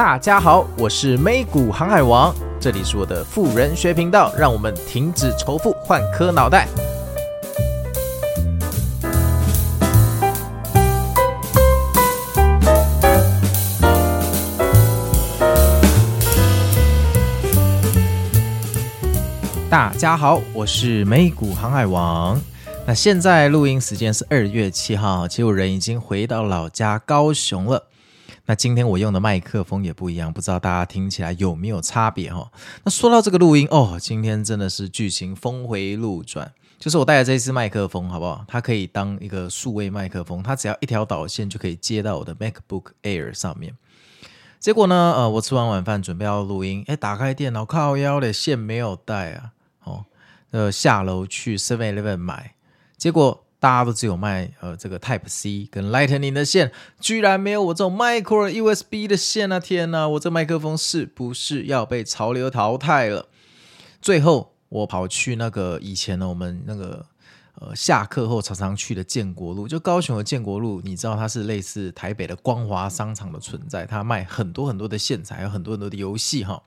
大家好，我是美股航海王，這裡是我的富人學頻道，讓我們停止仇富，換顆腦袋。大家好，我是美股航海王。那現在錄音時間是二月七號，其實我人已經回到老家高雄了。那今天我用的麥克風也不一樣，不知道大家聽起來有沒有差別哦。那說到這個錄音哦，今天真的是劇情峰回路轉，就是我帶的這隻麥克風好不好？它可以當一個數位麥克風，它只要一條導線就可以接到我的 MacBook Air 上面。結果呢，呃，我吃完晚飯準備要錄音，哎，打開電腦，靠腰的線沒有帶啊，哦，呃，下樓去 Seven Eleven 買，結果。大家都只有賣呃，這個 Type C 跟 Lightning 的線，居然沒有我這種 Micro USB 的線啊！天哪，我這麥克風是不是要被潮流淘汰了？最後我跑去那個以前呢，我們那個呃，下課後常常常去的建國路，就高雄的建國路，你知道它是類似台北的光華商場的存在，它賣很多很多的線材，還有很多很多的遊戲哈。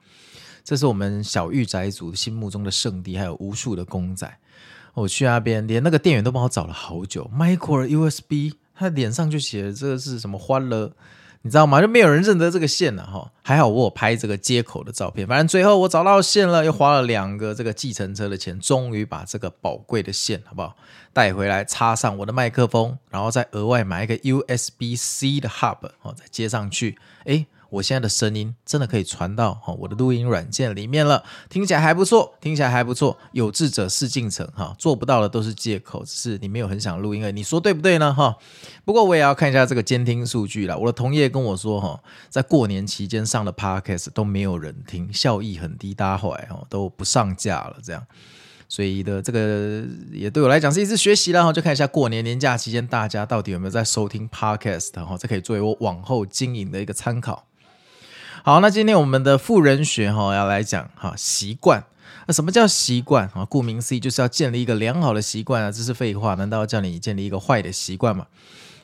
這是我們小御宅族心目中的聖地，還有無數的公仔。我去那邊，連那個店員都幫我找了好久。Micro USB，他臉上就寫了這個是什麼歡樂，你知道嗎？就沒有人認得這個線了、啊、哈。還好我有拍這個接口的照片，反正最後我找到線了，又花了兩個這個計程車的錢，終於把這個寶貴的線好不好帶回來插上我的麥克風，然後再額外買一個 USB C 的 hub 哦，再接上去。欸我現在的聲音真的可以傳到哈我的錄音軟件裡面了，聽起來還不錯，聽起來還不錯。有志者事竟成哈，做不到的都是借口，只是你沒有很想錄音而已。你說對不對呢哈？不過我也要看一下這個監聽數據了。我的同業跟我說哈，在過年期間上的 Podcast 都沒有人聽，效益很低，大家後來哦都不上架了這樣。所以的這個也對我來講是一次學習了哈，就看一下過年年假期間大家到底有沒有在收聽 Podcast，然後這可以作為我往後經營的一個參考。好，那今天我們的富人學哈、哦、要來講哈習慣。那什麼叫習慣啊？顧名思義就是要建立一個良好的習慣啊，這是廢話，難道要叫你建立一個壞的習慣嗎？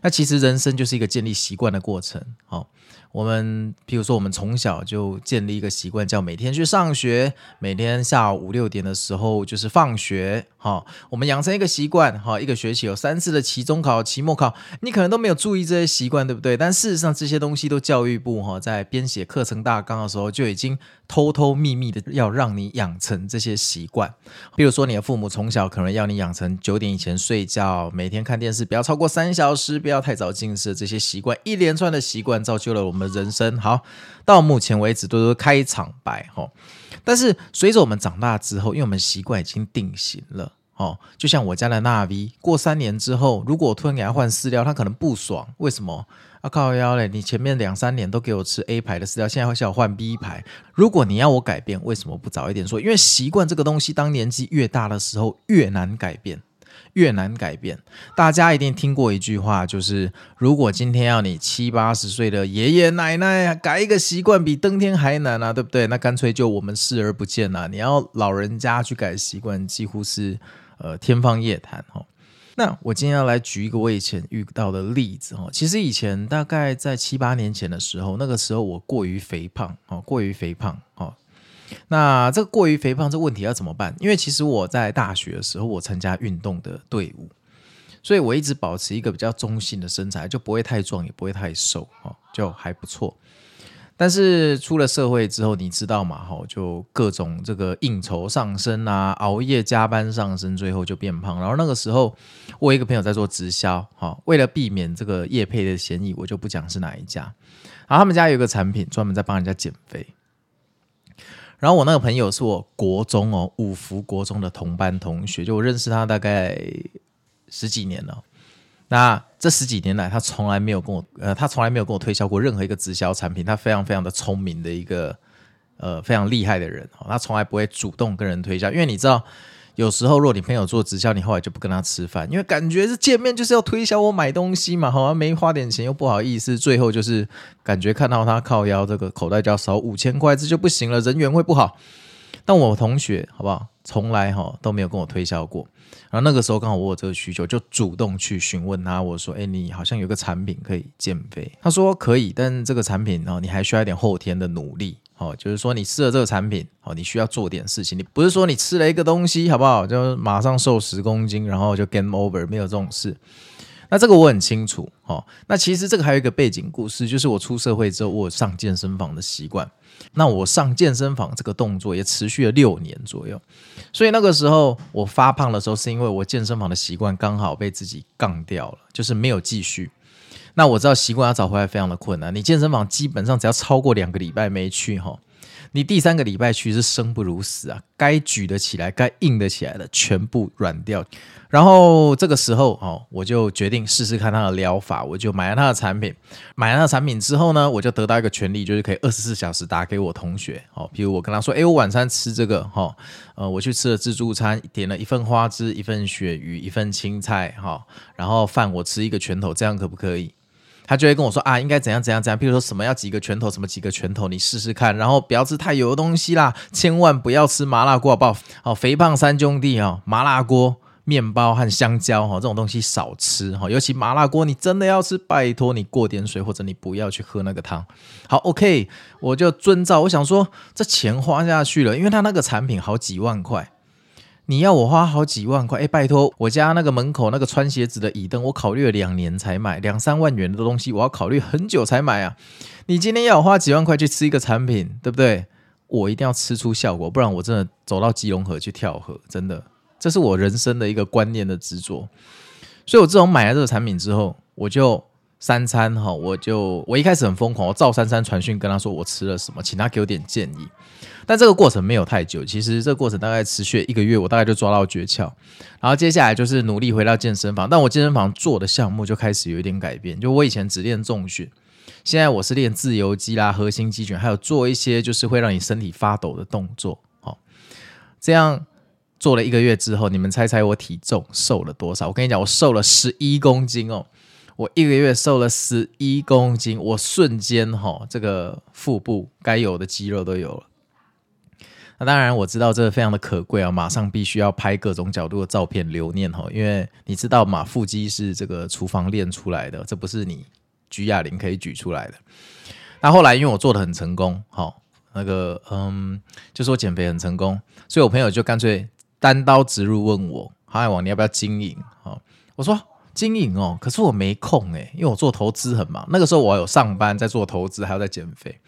那其實人生就是一個建立習慣的過程，好、哦。我們比如說，我們從小就建立一個習慣，叫每天去上學，每天下午五六點的時候就是放學，哈、哦。我們養成一個習慣，哈、哦。一個學期有三次的期中考、期末考，你可能都沒有注意這些習慣，對不對？但事實上，這些東西都教育部哈、哦、在編寫課程大綱的時候就已經偷偷秘密的要讓你養成這些習慣。比如說，你的父母從小可能要你養成九點以前睡覺，每天看電視不要超過三小時，不要太早近視這些習慣，一連串的習慣造就了我們。我們人生好到目前為止都，就是開場白齁，但是隨着我們長大之後，因為我們習慣已經定型了哦，就像我家的納威，過三年之後，如果我突然給他換飼料，他可能不爽。為什麼？啊靠腰嘞！你前面兩三年都給我吃 A 牌的飼料，現在叫我換 B 牌。如果你要我改變，為什麼不早一點說？因為習慣這個東西，當年紀越大的時候，越難改變。越難改變，大家一定聽過一句話，就是如果今天要你七八十歲的爺爺奶奶改一個習慣，比登天還難啊，對不對？那乾脆就我們視而不見啊。你要老人家去改習慣，幾乎是呃天方夜譚哈。那我今天要來舉一個我以前遇到的例子哈，其實以前大概在七八年前的時候，那個時候我過於肥胖啊，過於肥胖啊。那這個過於肥胖這個問題要怎麼辦？因為其實我在大學的時候我參加運動的隊伍，所以我一直保持一個比較中性的身材，就不會太壯，也不會太瘦啊、哦，就還不錯。但是出了社會之後，你知道嘛？哈、哦，就各種這個應酬上升啊，熬夜加班上升，最後就變胖。然後那個時候，我有一個朋友在做直銷，哈、哦，為了避免這個業配的嫌疑，我就不講是哪一家。然後他們家有一個產品，專門在幫人家減肥。然後我那個朋友是我國中哦五福國中的同班同學，就我認識他大概十幾年了哦。那這十幾年來，他從來沒有跟我呃，他從來沒有跟我推銷過任何一個直銷產品。他非常非常的聰明的一個呃非常厲害的人哦，他從來不會主動跟人推銷，因為你知道。有時候，如果你朋友做直銷，你後來就不跟他吃飯，因為感覺是見面就是要推銷我買東西嘛，好像沒花點錢又不好意思，最後就是感覺看到他靠腰，這個口袋就要少五千塊，這就不行了，人緣會不好。但我同學好不好，從來哈都沒有跟我推銷過。然後那個時候剛好我有這個需求，就主動去詢問他，我說：“哎、欸，你好像有個產品可以減肥。”他說：“可以，但這個產品呢，你還需要一點後天的努力。”哦，就是說你吃了這個產品，哦，你需要做點事情。你不是說你吃了一個東西，好不好？就馬上瘦十公斤，然後就 game over，沒有這種事。那這個我很清楚。哦，那其實這個還有一個背景故事，就是我出社會之後，我有上健身房的習慣。那我上健身房這個動作也持續了六年左右。所以那個時候我發胖的時候，是因為我健身房的習慣剛好被自己槓掉了，就是沒有繼續。那我知道習慣要找回來非常的困難。你健身房基本上只要超過兩個禮拜沒去哈，你第三個禮拜去是生不如死啊！該舉得起來，該硬得起來的全部軟掉。然後這個時候哦，我就決定試試看他的療法，我就買了他的產品。買了他的產品之後呢，我就得到一個權利，就是可以二十四小時打給我同學。哦，比如我跟他說，誒，我晚餐吃這個哈，呃，我去吃了自助餐，點了一份花枝，一份鱈魚，一份青菜哈，然後飯我吃一個拳頭，這樣可不可以？他就會跟我說啊，應該怎樣怎樣怎樣，譬如說什麼要幾個拳頭，什麼幾個拳頭，你試試看，然後不要吃太油的東西啦，千萬不要吃麻辣鍋，好不好、哦？肥胖三兄弟啊、哦，麻辣鍋、麵包和香蕉哈、哦，這種東西少吃哈、哦，尤其麻辣鍋，你真的要吃，拜託你過點水或者你不要去喝那個湯。好，OK，我就遵照。我想說，這錢花下去了，因為他那個產品好幾萬塊。你要我花好幾萬塊？誒、欸，拜托，我家那個門口那個穿鞋子的椅凳，我考慮了兩年才買，兩三萬元的東西，我要考慮很久才買啊！你今天要我花幾萬塊去吃一個產品，對不對？我一定要吃出效果，不然我真的走到基隆河去跳河，真的，這是我人生的一個觀念的執着。所以，我自從買了這個產品之後，我就。三餐哈，我就我一開始很瘋狂，我照三餐傳訊跟他說我吃了什麼，請他給我點建議。但這個過程沒有太久，其實這個過程大概持續了一個月，我大概就抓到訣竅。然後接下來就是努力回到健身房，但我健身房做的項目就開始有一點改變，就我以前只練重訓，現在我是練自由肌啦、核心肌群，還有做一些就是會讓你身體發抖的動作。好，這樣做了一個月之後，你們猜猜我體重瘦了多少？我跟你講，我瘦了十一公斤哦、喔。我一個月瘦了十一公斤，我瞬間哈、哦，這個腹部該有的肌肉都有了。那當然我知道這個非常的可貴啊，馬上必須要拍各種角度的照片留念哈、哦，因為你知道嘛，腹肌是這個廚房練出來的，這不是你舉啞鈴可以舉出來的。那後來因為我做的很成功，好、哦，那個嗯，就說減肥很成功，所以我朋友就乾脆單刀直入問我，哈、啊，航海王你要不要經營？好、哦，我說。經營哦，可是我沒空誒。因為我做投資很忙。那個時候我有上班，在做投資，還有在減肥。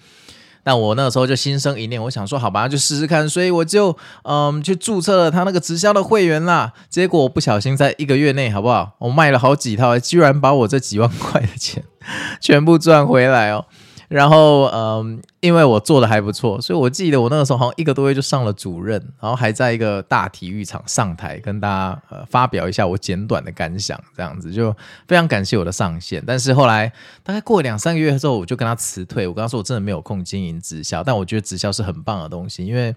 但我那個時候就心生一念，我想說，好吧，就試試看。所以我就嗯、呃，去註冊了他那個直銷的會員啦。結果我不小心在一個月內，好不好？我賣了好幾套，居然把我這幾萬塊的錢全部賺回來哦。然後，嗯，因為我做的還不錯，所以我記得我那個時候好像一個多月就上了主任，然後還在一個大體育場上台跟大家呃發表一下我簡短的感想，這樣子就非常感謝我的上線。但是後來大概過了兩三個月之後，我就跟他辭退。我跟他說我真的沒有空經營直銷，但我覺得直銷是很棒的東西，因為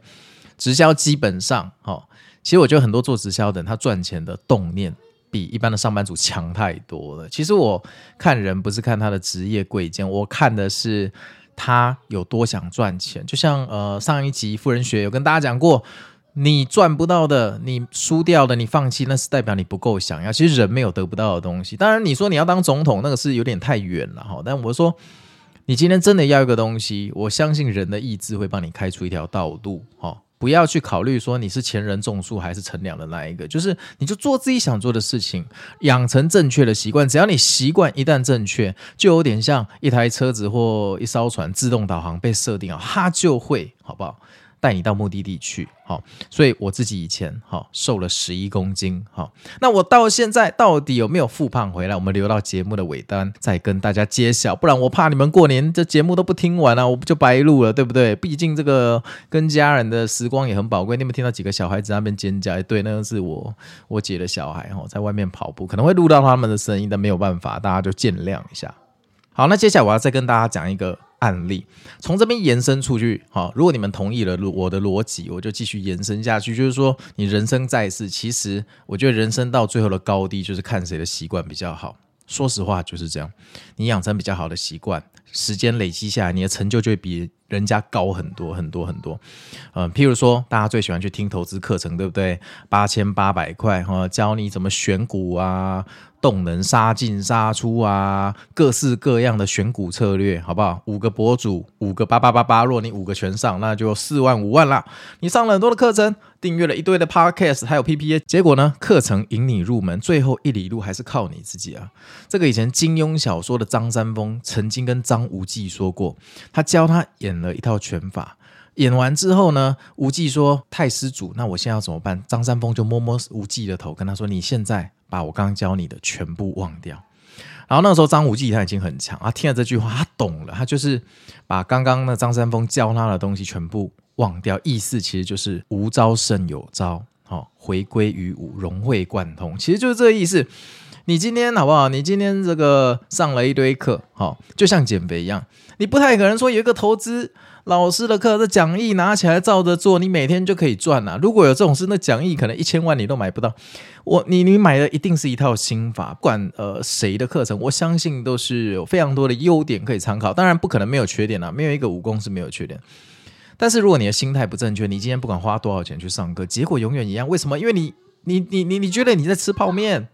直銷基本上，哈、哦，其實我覺得很多做直銷的人他賺錢的動念，比一般的上班族強太多了。其實我看人不是看他的職業貴賤，我看的是他有多想賺錢。就像呃上一集《富人學》有跟大家講過，你賺不到的，你輸掉的，你放棄，那是代表你不夠想要。其實人沒有得不到的東西。當然你說你要當總統，那個是有點太遠了哈。但我說你今天真的要一個東西，我相信人的意志會幫你開出一條道路哈。哦不要去考慮說你是前人種樹還是乘涼的那一個，就是你就做自己想做的事情，養成正確的習慣。只要你習慣，一旦正確，就有點像一台車子或一艘船自動導航被設定好，它就會，好不好？帶你到目的地去，好、哦，所以我自己以前哈、哦、瘦了十一公斤，哈、哦，那我到現在到底有沒有復胖回來？我們留到節目的尾單再跟大家揭曉，不然我怕你們過年這節目都不聽完了、啊，我不就白錄了，對不對？畢竟這個跟家人的時光也很寶貴。你們聽到幾個小孩子那邊尖叫，對，那個是我我姐的小孩哦，在外面跑步，可能會錄到他們的聲音，但沒有辦法，大家就見諒一下。好，那接下來我要再跟大家講一個。案例從這邊延伸出去，好、哦，如果你們同意了我的邏輯，我就繼續延伸下去。就是說，你人生在世，其實我覺得人生到最後的高低，就是看誰的習慣比較好。說實話，就是這樣。你養成比較好的習慣，時間累積下來，你的成就就會比人家高很多很多很多。嗯、呃，譬如說，大家最喜歡去聽投資課程，對不對？八千八百塊，哈、哦，教你怎麼選股啊。動能殺進殺出啊，各式各樣的選股策略，好不好？五個博主，五個八八八八，若你五個全上，那就四萬五萬啦。你上了很多的課程，訂閱了一堆的 Podcast，還有 PPA，結果呢？課程引你入門，最後一里路還是靠你自己啊。這個以前金庸小說的張三丰曾經跟張無忌說過，他教他演了一套拳法。演完之後呢，無忌說：“太師祖，那我現在要怎麼辦？”張三豐就摸摸無忌的頭，跟他說：“你現在把我剛剛教你的全部忘掉。”然後那個時候，張無忌他已經很強啊。聽了這句話，他懂了，他就是把剛剛那張三豐教他的東西全部忘掉。意思其實就是無招勝有招，好，回歸於無，融會貫通，其實就是這個意思。你今天好不好？你今天這個上了一堆課，好、哦，就像減肥一樣，你不太可能說有一個投資老師的課，這講義拿起來照着做，你每天就可以賺了、啊。如果有這種事，那講義可能一千萬你都買不到。我，你，你買的一定是一套心法，不管呃誰的課程，我相信都是有非常多的優點可以參考。當然不可能沒有缺點啊，沒有一個武功是沒有缺點。但是如果你的心態不正確，你今天不管花多少錢去上課，結果永遠一樣。為什麼？因為你，你，你，你，你覺得你在吃泡麵。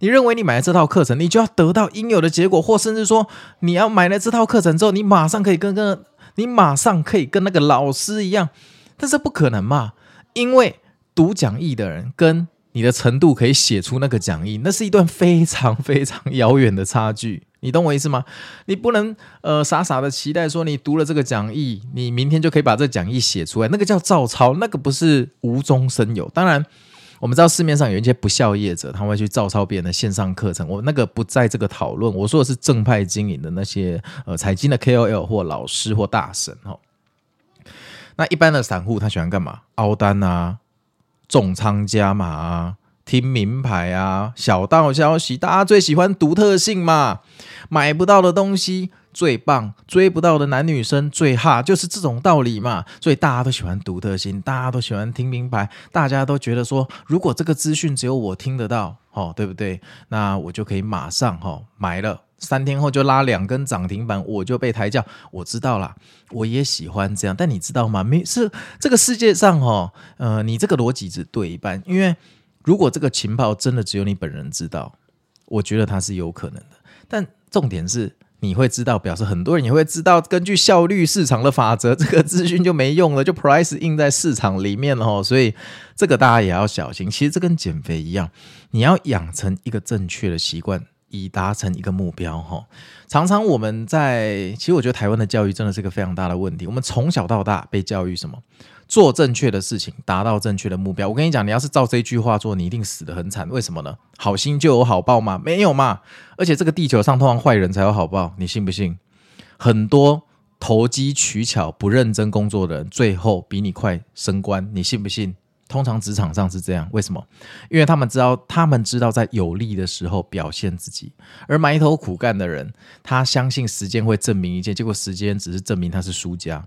你認為你買了這套課程，你就要得到應有的結果，或甚至說，你要買了這套課程之後，你馬上可以跟個，你馬上可以跟那個老師一樣，但是不可能嘛？因為讀講義的人跟你的程度，可以寫出那個講義，那是一段非常非常遙遠的差距，你懂我意思嗎？你不能呃傻傻的期待說，你讀了這個講義，你明天就可以把這個講義寫出來，那個叫照抄，那個不是無中生有，當然。我們知道市面上有一些不肖業者，他會去照抄別人的線上課程。我那個不在這個討論，我說的是正派經營的那些呃財經的 KOL 或老師或大神哦。那一般的散戶他喜歡幹嘛？凹單啊，重倉加碼啊，聽名牌啊，小道消息，大家最喜歡獨特性嘛，買不到的東西。最棒，追不到的男女生最哈，就是這種道理嘛。所以大家都喜歡獨特性，大家都喜歡聽明牌，大家都覺得說，如果這個資訊只有我聽得到，哦、對不對？那我就可以馬上哈、哦、買了，三天後就拉兩根漲停板，我就被抬轎。我知道啦，我也喜歡這樣。但你知道嗎？沒是這個世界上哈、哦，呃，你這個邏輯只對一半，因為如果這個情報真的只有你本人知道，我覺得它是有可能的。但重點是，你會知道，表示很多人你會知道，根據效率市場的法則，這個資訊就沒用了，就 price 印在市場裡面了、哦。所以這個大家也要小心。其實這跟減肥一樣，你要養成一個正確的習慣，以達成一個目標。哦，常常我們在其實我覺得台灣的教育真的是一個非常大的問題。我們從小到大被教育什麼？做正確的事情，達到正確的目標。我跟你講，你要是照這句話做，你一定死得很慘。為什麼呢？好心就有好報嗎？沒有嘛！而且這個地球上通常壞人才有好報，你信不信？很多投機取巧、不認真工作的人，最後比你快升官，你信不信？通常職場上是這樣，為什麼？因為他們知道，他們知道在有利的時候表現自己，而埋頭苦幹的人，他相信時間會證明一切，結果時間只是證明他是輸家。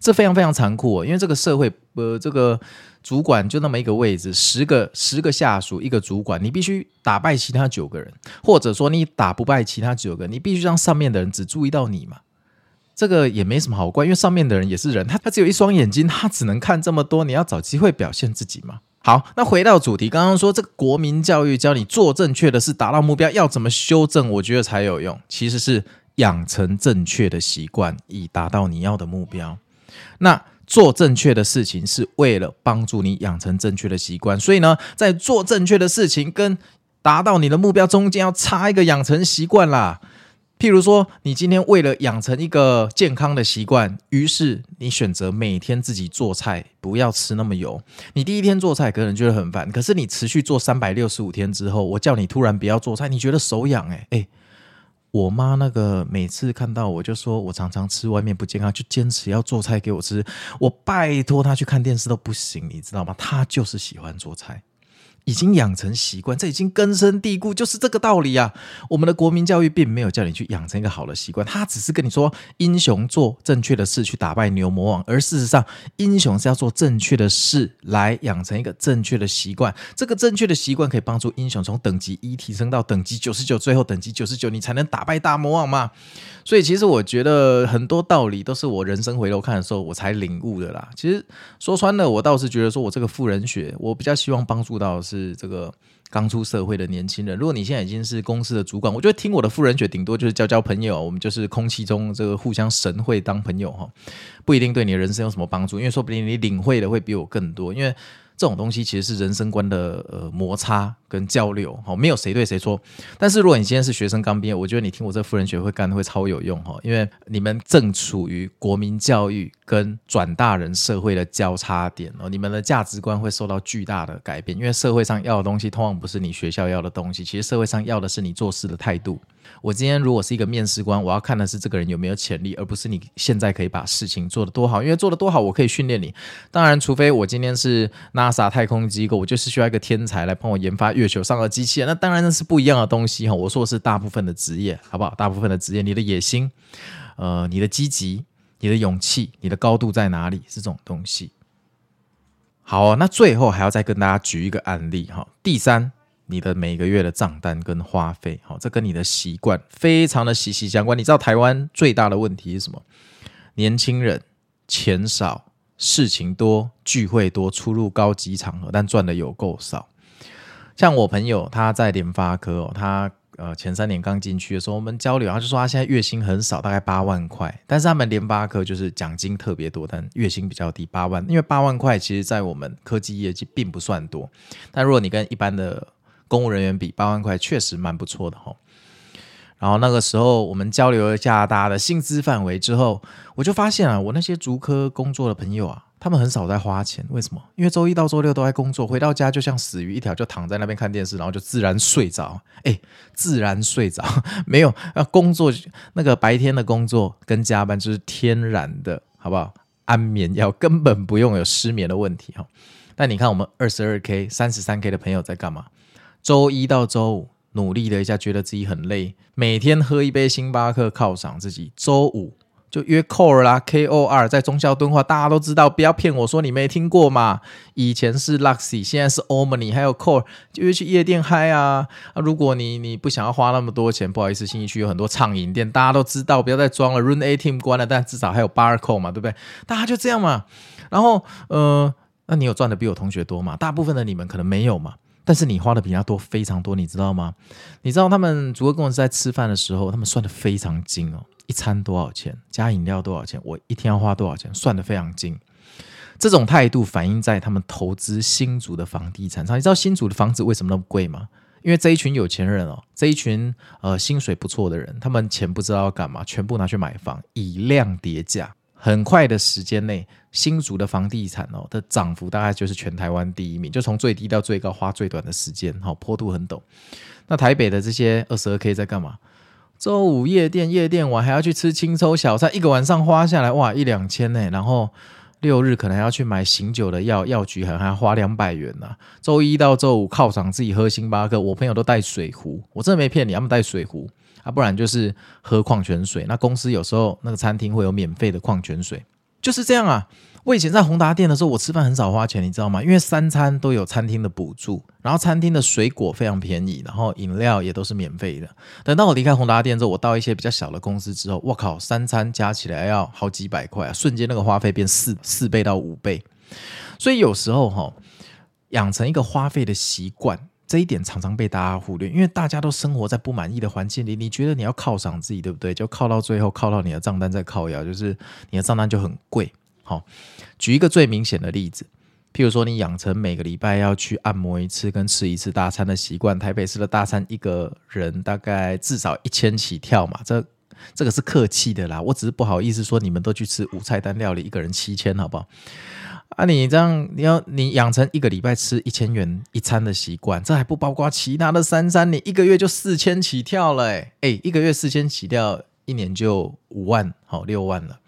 這非常非常殘酷哦，因為這個社會，呃，這個主管就那麼一個位置，十個十個下屬一個主管，你必須打敗其他九個人，或者說你打不敗其他九個，你必須讓上面的人只注意到你嘛。這個也沒什麼好怪，因為上面的人也是人，他他只有一雙眼睛，他只能看這麼多。你要找機會表現自己嘛。好，那回到主題，剛剛說這個國民教育教你做正確的事，達到目標要怎麼修正，我覺得才有用。其實是養成正確的習慣，以達到你要的目標。那做正確的事情是為了幫助你養成正確的習慣，所以呢，在做正確的事情跟達到你的目標中間要插一個養成習慣啦。譬如說，你今天為了養成一個健康的習慣，於是你選擇每天自己做菜，不要吃那麼油。你第一天做菜可能覺得很煩，可是你持續做三百六十五天之後，我叫你突然不要做菜，你覺得手癢哎哎。我媽那個每次看到我就說，我常常吃外面不健康，就堅持要做菜給我吃。我拜託她去看電視都不行，你知道嗎？她就是喜歡做菜。已經養成習慣，這已經根深蒂固，就是這個道理啊！我們的國民教育並沒有叫你去養成一個好的習慣，他只是跟你說英雄做正確的事去打敗牛魔王，而事實上，英雄是要做正確的事來養成一個正確的習慣，這個正確的習慣可以幫助英雄從等級一提升到等級九十九，最後等級九十九，你才能打敗大魔王嘛。所以，其實我覺得很多道理都是我人生回頭看的時候，我才領悟的啦。其實說穿了，我倒是覺得，說我這個富人學，我比較希望幫助到是這個剛出社會的年輕人。如果你現在已經是公司的主管，我覺得聽我的富人學，頂多就是交交朋友，我們就是空氣中這個互相神會當朋友哈，不一定對你的人生有什麼幫助，因為說不定你領會的會比我更多，因為。這種東西其實是人生觀的呃摩擦跟交流，好，沒有誰對誰錯。但是如果你今天是學生剛畢業，我覺得你聽我這個富人學會幹會超有用哈，因為你們正處於國民教育跟轉大人社會的交叉點哦，你們的價值觀會受到巨大的改變，因為社會上要的東西通常不是你學校要的東西，其實社會上要的是你做事的態度。我今天如果是一個面試官，我要看的是這個人有沒有潛力，而不是你現在可以把事情做得多好，因為做得多好我可以訓練你。當然，除非我今天是 NASA 太空機構，我就是需要一個天才來幫我研發月球上的機器人。那當然那是不一樣的東西哈。我說的是大部分的職業，好不好？大部分的職業，你的野心，呃，你的積極，你的勇氣，你的高度在哪裡？這種東西。好哦，那最後還要再跟大家舉一個案例哈。第三。你的每個月的賬單跟花費，好，這跟你的習慣非常的息息相關。你知道台灣最大的問題是什麼？年輕人錢少，事情多，聚會多，出入高級場合，但賺的有夠少。像我朋友，他在聯發科，他呃前三年剛進去的時候，我們交流，然後就說他現在月薪很少，大概八萬塊。但是他們聯發科就是獎金特別多，但月薪比較低，八萬。因為八萬塊其實，在我們科技業績並不算多。但如果你跟一般的公務人員比八萬塊確實蠻不錯的哈、哦。然後那個時候我們交流了下大家的薪資範圍之後，我就發現啊，我那些竹科工作的朋友啊，他們很少在花錢。為什麼？因為週一到週六都在工作，回到家就像死魚一條，就躺在那邊看電視，然後就自然睡着。哎，自然睡着沒有？呃，工作那個白天的工作跟加班就是天然的，好不好？安眠藥根本不用有失眠的問題哈。那你看我們二十二 K、三十三 K 的朋友在幹嘛？周一到周五努力了一下，覺得自己很累，每天喝一杯星巴克犒賞自己。周五就約 Core 啦，KOR 在忠孝敦化，大家都知道，不要騙我說你沒聽過嘛。以前是 Luxy，現在是 Omany 還有 Core 就約去夜店嗨啊。啊如果你你不想要花那麼多錢，不好意思，信義區有很多暢飲店，大家都知道，不要再裝了。Room 18關了，但至少還有 Barcode 嘛，對不對？大家就這樣嘛。然後呃，那你有賺的比我同學多嗎？大部分的你們可能沒有嘛。但是你花的比他多非常多，你知道嗎？你知道他們如果跟我在吃飯的時候，他們算的非常精哦，一餐多少錢，加飲料多少錢，我一天要花多少錢，算的非常精。這種態度反映在他們投資新竹的房地產上。你知道新竹的房子為什麼那麼貴嗎？因為這一群有錢人哦，這一群呃薪水不錯的人，他們錢不知道要幹嘛，全部拿去買房，以量疊價。很快的時間內，新竹的房地產哦的漲幅大概就是全台灣第一名，就從最低到最高花最短的時間，好，坡度很陡。那台北的這些二十二 K 在幹嘛？週五夜店，夜店我還要去吃清粥小菜，一個晚上花下來，哇一兩千呢。然後六日可能要去買醒酒的藥，藥局還要花兩百元呢。週一到週五犒賞自己喝星巴克，我朋友都帶水壺，我真的沒騙你，他們帶水壺。啊，不然就是喝礦泉水。那公司有時候那個餐廳會有免費的礦泉水，就是這樣啊。我以前在宏達電的時候，我吃飯很少花錢，你知道嗎？因為三餐都有餐廳的補助，然後餐廳的水果非常便宜，然後飲料也都是免費的。等到我離開宏達電之後，我到一些比較小的公司之後，我靠，三餐加起來要好幾百塊，啊，瞬間那個花費變四四倍到五倍。所以有時候哈、哦，養成一個花費的習慣。這一點常常被大家忽略，因為大家都生活在不滿意的環境裡，你覺得你要犒賞自己，對不對？就犒到最後，犒到你的賬單在靠腰，就是你的賬單就很貴。好、哦，舉一個最明顯的例子，譬如說你養成每個禮拜要去按摩一次跟吃一次大餐的習慣，台北市的大餐一個人大概至少一千起跳嘛，這這個是客氣的啦，我只是不好意思說你們都去吃無菜單料理，一個人七千，好不好？啊，你這樣，你要你養成一個禮拜吃一千元一餐的習慣，這還不包括其他的三餐，你一個月就四千起跳了。欸，誒、欸，一個月四千起跳，一年就五萬好、哦、六萬了。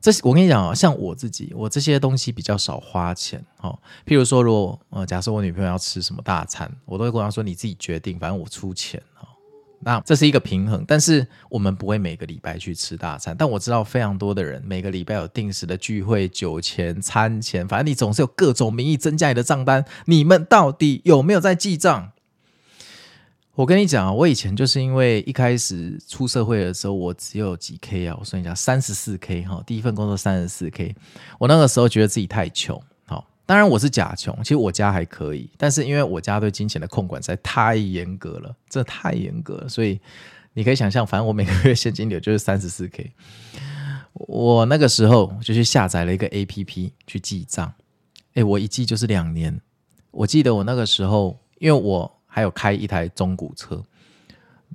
這我跟你講啊、哦，像我自己，我這些東西比較少花錢，哈、哦，譬如說，如果呃，假設我女朋友要吃什麼大餐，我都會跟她說，你自己決定，反正我出錢啊。哦那這是一個平衡，但是我們不會每個禮拜去吃大餐。但我知道非常多的人每個禮拜有定時的聚會、酒錢、餐錢，反正你總是有各種名義增加你的賬單。你們到底有沒有在記賬？我跟你講啊，我以前就是因為一開始出社會的時候，我只有幾 k 啊，我算一下，三十四 k 哈，第一份工作三十四 k，我那個時候覺得自己太窮。當然我是假窮，其實我家還可以，但是因為我家對金錢的控管實在太嚴格了，這太嚴格了，所以你可以想象，反正我每個月現金流就是三十四 k。我那個時候就去下載了一個 app 去記賬，哎，我一記就是兩年。我記得我那個時候，因為我還有開一台中古車，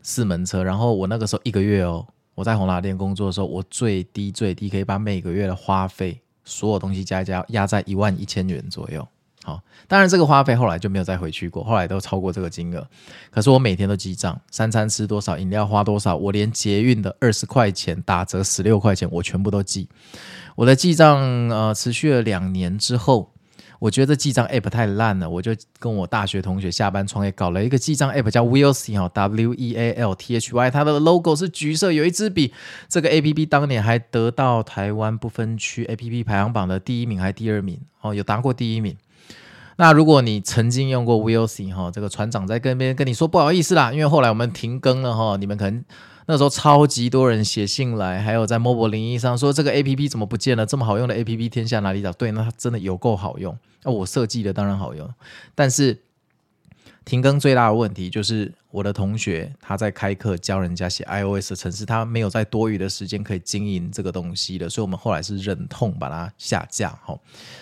四門車，然後我那個時候一個月哦，我在紅拉店工作的時候，我最低最低可以把每個月的花費。所有東西加一加，壓在一萬一千元左右。好，當然這個花費後來就沒有再回去過，後來都超過這個金額。可是我每天都記賬，三餐吃多少，飲料花多少，我連捷運的二十塊錢，打折十六塊錢，我全部都記。我的記賬呃，持續了兩年之後。我覺得這記賬 app 太爛了，我就跟我大學同學下班創業，搞了一個記賬 app 叫 Wealthy w, stein, W E A L T H Y，它的 logo 是橘色，有一支筆。這個 app 當年還得到台灣不分區 app 排行榜的第一名，還是第二名哦，有拿過第一名。那如果你曾經用過 w o l l See 哈，這個船長在跟那邊跟你說不好意思啦，因為後來我們停更了哈，你們可能那時候超級多人寫信來，還有在 Mobile 零一上說這個 A P P 怎麼不見了，這麼好用的 A P P 天下哪裡找？對，那它真的有夠好用，那我設計的當然好用，但是。停更最大的問題就是我的同學他在開課教人家寫 iOS 的程式，他沒有在多餘的時間可以經營這個東西的，所以我們後來是忍痛把它下架。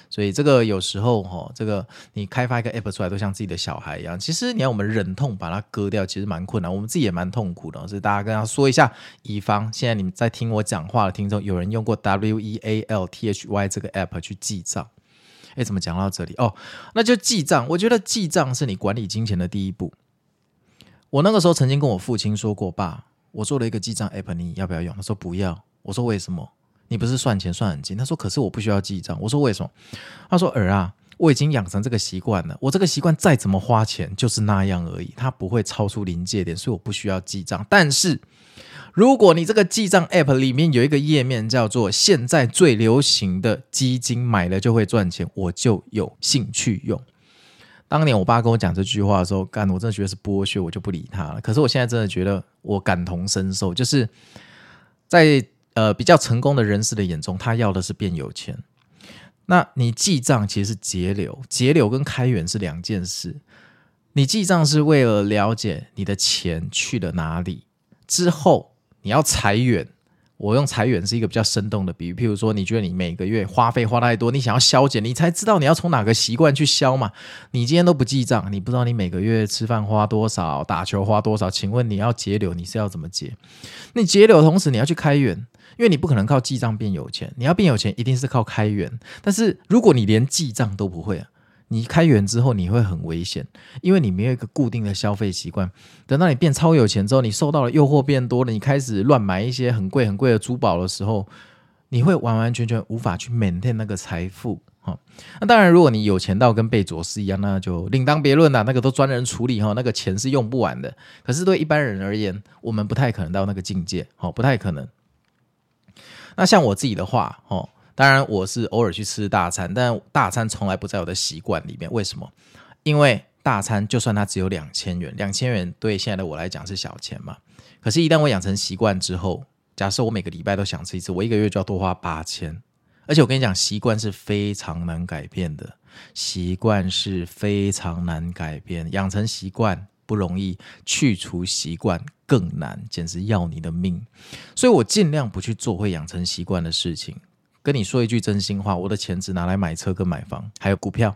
所以這個有時候哈，這個你開發一個 app 出來都像自己的小孩一樣，其實你要我們忍痛把它割掉，其實蠻困難，我們自己也蠻痛苦的。所以大家跟他說一下以防，乙方現在你們在聽我講話的聽眾，有人用過 W E A L T H Y 這個 app 去記賬。哎，怎麼講到這裡哦？那就記賬。我覺得記賬是你管理金錢的第一步。我那個時候曾經跟我父親說過：“爸，我做了一個記賬 app，你要不要用？”他說：“不要。”我說：“為什麼？你不是算錢算很精？”他說：“可是我不需要記賬。”我說：“為什麼？”他說：“兒啊，我已經養成這個習慣了。我這個習慣再怎麼花錢就是那樣而已，它不會超出臨界點，所以我不需要記賬。”但是。如果你這個記賬 App 裡面有一個頁面叫做“現在最流行的基金買了就會賺錢”，我就有興趣用。當年我爸跟我講這句話的時候，幹，我真的覺得是剝削，我就不理他了。可是我現在真的覺得我感同身受，就是在呃比較成功的人士的眼中，他要的是變有錢。那你記賬其實是節流，節流跟開源是兩件事。你記賬是為了了解你的錢去了哪裡，之後。你要裁員，我用裁員是一個比較生動的比喻。譬如說，你覺得你每個月花費花太多，你想要削減，你才知道你要從哪個習慣去削嘛。你今天都不記賬，你不知道你每個月吃飯花多少，打球花多少。請問你要節流，你是要怎麼節？那你節流同時你要去開源，因為你不可能靠記賬變有錢。你要變有錢，一定是靠開源。但是如果你連記賬都不會、啊，你開源之後，你會很危險，因為你沒有一個固定的消費習慣。等到你變超有錢之後，你受到了誘惑變多了，你開始亂買一些很貴很貴的珠寶的時候，你會完完全全無法去 maintain 那個財富。哈、哦，那當然，如果你有錢到跟貝佐斯一樣，那就另當別論了、啊，那個都專人處理哈、哦，那個錢是用不完的。可是對一般人而言，我們不太可能到那個境界，哦，不太可能。那像我自己的話，哦。當然，我是偶爾去吃大餐，但大餐從來不在我的習慣裡面。為什麼？因為大餐就算它只有兩千元，兩千元對現在的我來講是小錢嘛。可是，一旦我養成習慣之後，假設我每個禮拜都想吃一次，我一個月就要多花八千。而且，我跟你講，習慣是非常難改變的，習慣是非常難改變，養成習慣不容易，去除習慣更難，簡直要你的命。所以我盡量不去做會養成習慣的事情。跟你說一句真心話，我的錢只拿來買車跟買房，還有股票。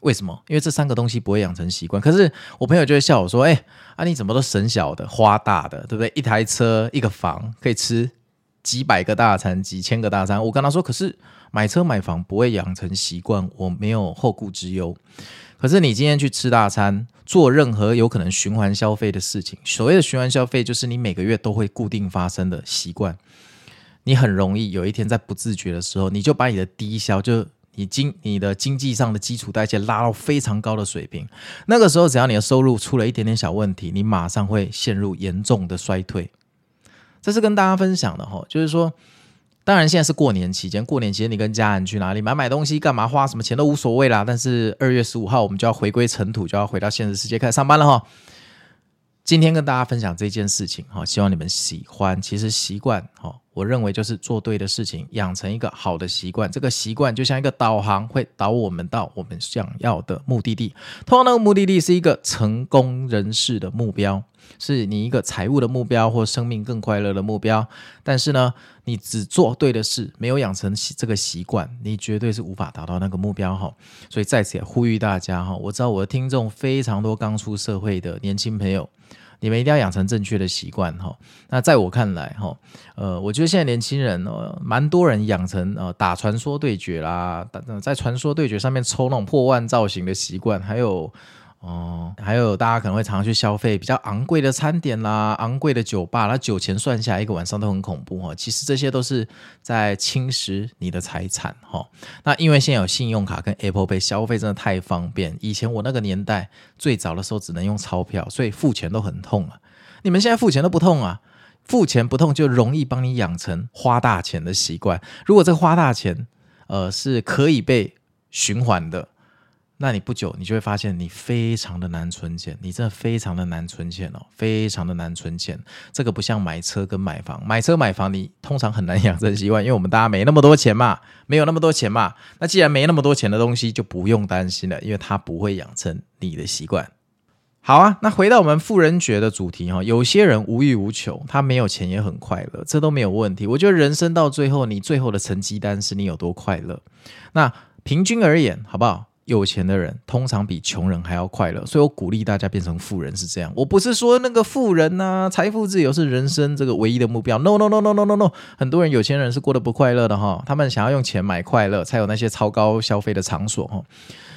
為什麼？因為這三個東西不會養成習慣。可是我朋友就會笑我說：“哎，啊你怎麼都省小的，花大的，對不對？一台車，一個房，可以吃幾百個大餐，幾千個大餐。”我跟他說：“可是買車買房不會養成習慣，我沒有後顧之憂。可是你今天去吃大餐，做任何有可能循環消費的事情，所謂的循環消費就是你每個月都會固定發生的習慣。”你很容易有一天在不自覺的時候，你就把你的低消，就你經你的經濟上的基礎代謝拉到非常高的水平。那個時候，只要你的收入出了一點點小問題，你馬上會陷入嚴重的衰退。這是跟大家分享的哈、哦，就是說，當然現在是過年期間，過年期間你跟家人去哪裡買買東西，幹嘛花什麼錢都無所謂啦。但是二月十五號我們就要回歸塵土，就要回到現實世界開始上班了哈、哦。今天跟大家分享這件事情哈，希望你們喜歡。其實習慣哈，我認為就是做對的事情，養成一個好的習慣。這個習慣就像一個導航，會導我們到我們想要的目的地。通常那個目的地是一個成功人士的目標，是你一個財務的目標，或生命更快樂的目標。但是呢，你只做對的事，沒有養成這個習慣，你絕對是無法達到那個目標哈。所以在此也呼籲大家哈，我知道我的聽眾非常多，剛出社會的年輕朋友。你們一定要養成正確的習慣，哈。那在我看來，哈，呃，我覺得現在年輕人哦，蠻多人養成呃打傳說對決啦，在傳說對決上面抽那種破萬造型的習慣，還有。哦，還有大家可能會常常去消費比較昂貴的餐點啦、昂貴的酒吧，那酒錢算下來一個晚上都很恐怖哦，其實這些都是在侵蝕你的財產哦。那因為現在有信用卡跟 Apple Pay 消費真的太方便，以前我那個年代最早的時候只能用鈔票，所以付錢都很痛啊。你們現在付錢都不痛啊，付錢不痛就容易幫你養成花大錢的習慣。如果這花大錢呃是可以被循環的。那你不久你就會發現你非常的難存錢，你真的非常的難存錢哦，非常的難存錢。這個不像買車跟買房，買車買房你通常很難養成習慣，因為我們大家沒那麼多錢嘛，沒有那麼多錢嘛。那既然沒那麼多錢的東西，就不用擔心了，因為它不會養成你的習慣。好啊，那回到我們富人學的主題哈、哦，有些人無慾無求，他沒有錢也很快樂，這都沒有問題。我覺得人生到最後，你最後的成績單是你有多快樂。那平均而言，好不好？有錢的人通常比窮人還要快樂，所以我鼓勵大家變成富人是這樣。我不是說那個富人吶、啊，財富自由是人生這個唯一的目標。No no no no no no no，no. 很多人有錢人是過得不快樂的哈，他們想要用錢買快樂，才有那些超高消費的場所哈。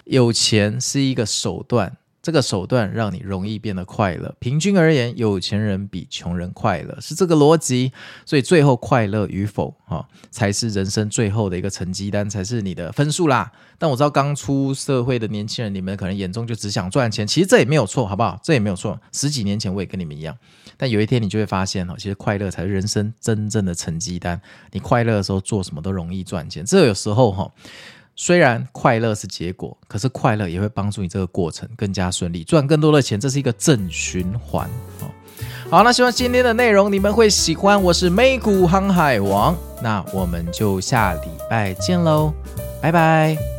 有錢是一個手段。這個手段讓你容易變得快樂。平均而言，有錢人比窮人快樂，是這個邏輯。所以最後快樂與否，哈、哦，才是人生最後的一個成績單，才是你的分數啦。但我知道剛出社會的年輕人，你們可能眼中就只想賺錢，其實這也沒有錯，好不好？這也沒有錯。十幾年前我也跟你們一樣，但有一天你就會發現，哈、哦，其實快樂才是人生真正的成績單。你快樂的時候，做什麼都容易賺錢。這有，有時候，哈、哦。雖然快樂是結果，可是快樂也會幫助你這個過程更加順利，賺更多的錢，這是一個正循環。好，那希望今天的內容你們會喜歡。我是美股航海王，那我們就下禮拜見嘍，拜拜。